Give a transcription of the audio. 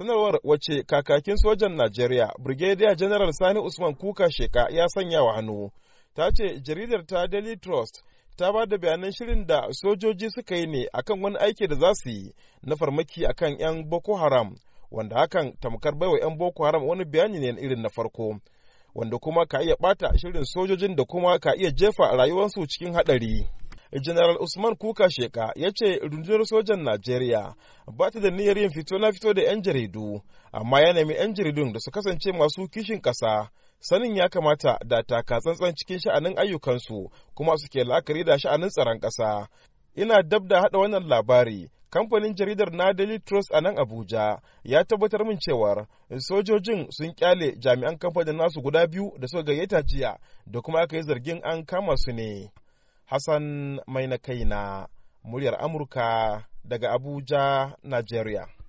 sanarwar wace kakakin sojan najeriya brigadier general sani usman kuka sheka ya sanya wa hannu ta ce jaridar ta daily trust ta ba da bayanan shirin da sojoji suka yi ne akan wani aiki da za su yi na farmaki akan 'yan boko haram wanda hakan tamkar baiwa 'yan boko haram wani bayani ne irin na farko wanda kuma ka iya bata shirin sojojin da kuma ka iya jefa rayuwarsu cikin haɗari. General Usman Kuka Sheka ya ce rundunar sojan Najeriya ba ta da niyyar yin fito na fito da 'yan jaridu, amma ya nemi 'yan jaridun da su kasance masu kishin kasa Sanin ya kamata da taka tsantsan cikin sha'anin ayyukansu kuma suke la'akari da sha'anin tsaron kasa Ina dab da haɗa wannan labari, kamfanin jaridar na Daily Trust a nan Abuja ya tabbatar min cewar sojojin sun kyale jami'an kamfanin nasu guda biyu da suka gayyata jiya da kuma aka yi zargin an kama su ne. Hassan mai na kai na muryar Amurka daga Abuja, Najeriya.